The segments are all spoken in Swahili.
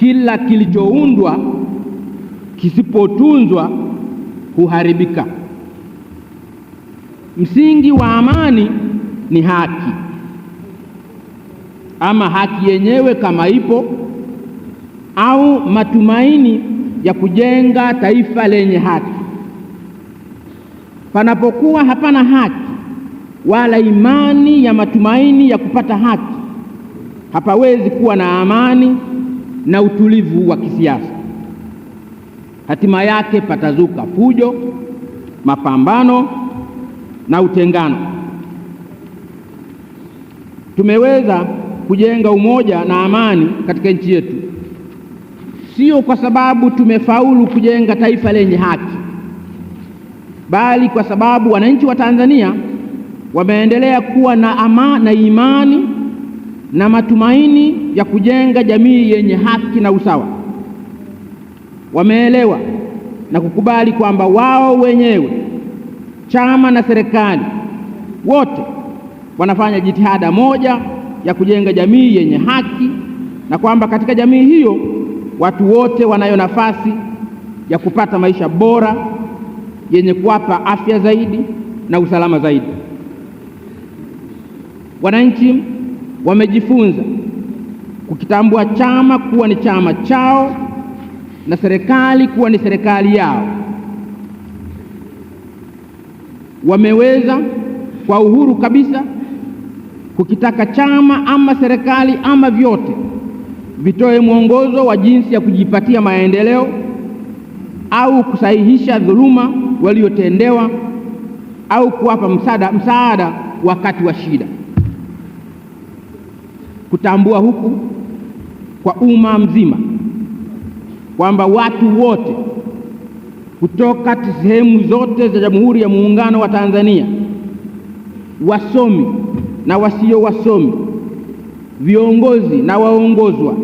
Kila kilichoundwa kisipotunzwa huharibika. Msingi wa amani ni haki, ama haki yenyewe kama ipo, au matumaini ya kujenga taifa lenye haki. Panapokuwa hapana haki wala imani ya matumaini ya kupata haki, hapawezi kuwa na amani na utulivu wa kisiasa. Hatima yake patazuka fujo, mapambano na utengano. Tumeweza kujenga umoja na amani katika nchi yetu, sio kwa sababu tumefaulu kujenga taifa lenye haki, bali kwa sababu wananchi wa Tanzania wameendelea kuwa na amani na imani na matumaini ya kujenga jamii yenye haki na usawa. Wameelewa na kukubali kwamba wao wenyewe, chama na serikali, wote wanafanya jitihada moja ya kujenga jamii yenye haki na kwamba katika jamii hiyo watu wote wanayo nafasi ya kupata maisha bora yenye kuwapa afya zaidi na usalama zaidi. Wananchi wamejifunza kukitambua chama kuwa ni chama chao na serikali kuwa ni serikali yao. Wameweza kwa uhuru kabisa kukitaka chama ama serikali ama vyote vitoe mwongozo wa jinsi ya kujipatia maendeleo au kusahihisha dhuluma waliotendewa au kuwapa msaada, msaada wakati wa shida kutambua huku kwa umma mzima kwamba watu wote kutoka sehemu zote za Jamhuri ya Muungano wa Tanzania, wasomi na wasio wasomi, viongozi na waongozwa,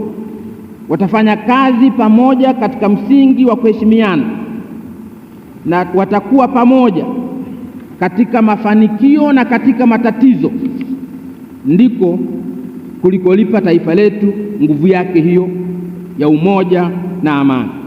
watafanya kazi pamoja katika msingi wa kuheshimiana na watakuwa pamoja katika mafanikio na katika matatizo ndiko kulikolipa taifa letu nguvu yake hiyo ya umoja na amani.